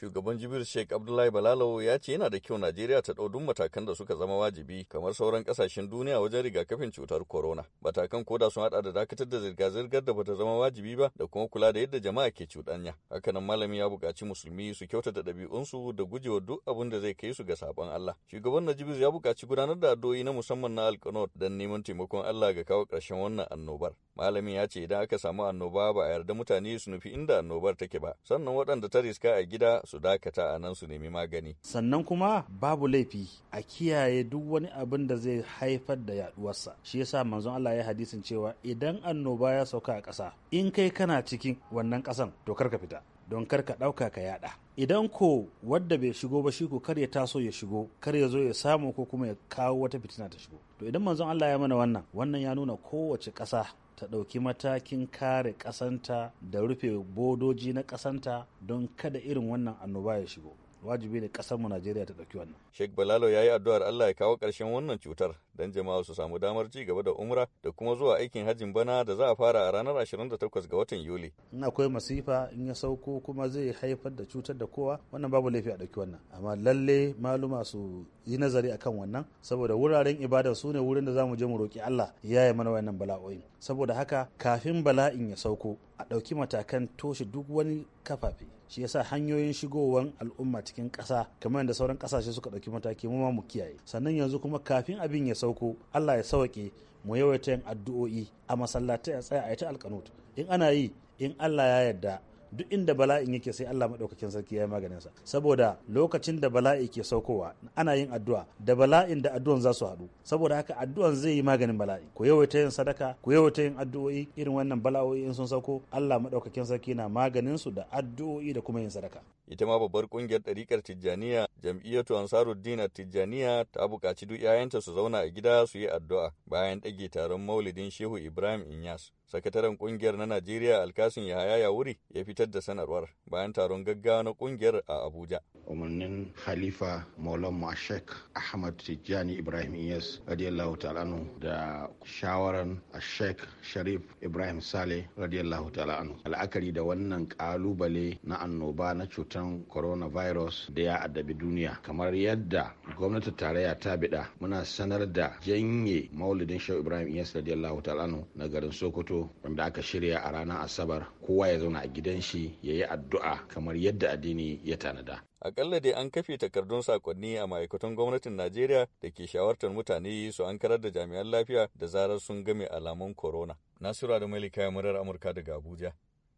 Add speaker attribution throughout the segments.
Speaker 1: Shugaban Jibir Sheikh Abdullahi Balalo ya ce yana da kyau Najeriya ta ɗau duk matakan da suka zama wajibi kamar sauran ƙasashen duniya wajen rigakafin cutar corona. Matakan koda sun haɗa da dakatar da zirga-zirgar da bata zama wajibi ba da kuma kula da yadda jama'a ke cuɗanya. Hakanan malami ya buƙaci musulmi su kyautata ɗabi'unsu da gujewa duk abin da zai kai su ga saɓon Allah. Shugaban Najibir ya buƙaci gudanar da addu'o'i na musamman na Alkanot don neman taimakon Allah ga kawo ƙarshen wannan annobar. Malamin ya ce idan aka samu annoba ba a yarda mutane su nufi inda annobar take ba, sannan waɗanda ta riska a gida su dakata a nan su nemi magani.
Speaker 2: Sannan kuma babu laifi a kiyaye duk wani abin da zai haifar da yaduwarsa. Shi yasa manzon Allah ya hadisin cewa idan annoba ya sauka a ƙasa in kai kana cikin wannan ƙasan to kar ka fita. don kar ka ɗauka ka yaɗa idan ko wadda bai shigo ba shi ko kar ya taso ya shigo kar ya zo ya samu ko kuma ya kawo wata fitina ta shigo to idan manzon Allah ya mana wannan wannan ya nuna kowace ƙasa ta ɗauki matakin kare ƙasanta da rufe bodoji na ƙasanta don kada irin wannan annoba ya shigo wajibi ne ƙasarmu najeriya ta ɗauki wannan
Speaker 1: sheikh balalo ya yi addu'ar allah ya kawo ƙarshen wannan cutar don jama'a su samu damar ci gaba da umra da kuma zuwa aikin hajjin bana da za a fara a ranar 28 ga watan Yuli.
Speaker 2: In akwai masifa in ya sauko kuma zai haifar da cutar da kowa wannan babu laifi a ɗauki wannan amma lalle maluma su yi nazari akan wannan saboda wuraren ibada su ne wurin da za mu je mu roki Allah ya yi mana wannan bala'o'in saboda haka kafin bala'in ya sauko a ɗauki matakan toshe duk wani kafafe shi yasa hanyoyin shigowar al'umma cikin ƙasa kamar yadda sauran ƙasashe suka ɗauki mataki mu ma mu kiyaye sannan yanzu kuma kafin abin ya sauko sauko Allah ya sauke mu yawaita yin addu'o'i a masallatai a tsaya a yi ta alkanut in ana yi in Allah ya yarda duk inda bala'in yake sai Allah maɗaukakin sarki ya yi maganin sa saboda lokacin da bala'i ke saukowa ana yin addu'a da bala'in da addu'an za su haɗu saboda haka addu'an zai yi maganin bala'i ku yawaita yin sadaka ku yawaita yin addu'o'i irin wannan bala'o'i in sun sauko Allah maɗaukakin sarki na maganin su da addu'o'i da kuma yin sadaka
Speaker 1: ita ma babbar kungiyar ɗariƙar Tijjaniya jam'iyyatu Ansaruddin Tijjaniya ta buƙaci duk 'ya'yanta su zauna a gida su yi addu'a bayan ɗage taron Maulidin Shehu Ibrahim Inyas. Sakataren kungiyar na Najeriya Alkasin Yahaya ya wuri ya fitar da sanarwar bayan taron gaggawa na kungiyar a Abuja.
Speaker 3: Umarnin Halifa Maulan Sheikh Ahmad Tijjani Ibrahim Inyas radiyallahu ta'ala da shawaran Sheikh Sharif Ibrahim Saleh radiyallahu ta'ala anhu. Al'akari da wannan kalubale na annoba na cuta. cutan coronavirus da ya addabi duniya kamar yadda gwamnatin tarayya ta bida muna sanar da janye maulidin shehu ibrahim iyas radiyallahu ta'ala na garin sokoto wanda aka shirya a ranar asabar kowa ya zauna a gidan shi ya yi addu'a kamar yadda addini ya
Speaker 1: tanada akalla dai an kafe takardun sakonni a ma'aikatan gwamnatin Najeriya da ke shawartar mutane su an karar da jami'an lafiya da zarar sun game alamun corona. Nasiru da kayan murar Amurka daga Abuja,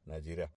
Speaker 1: Najeriya.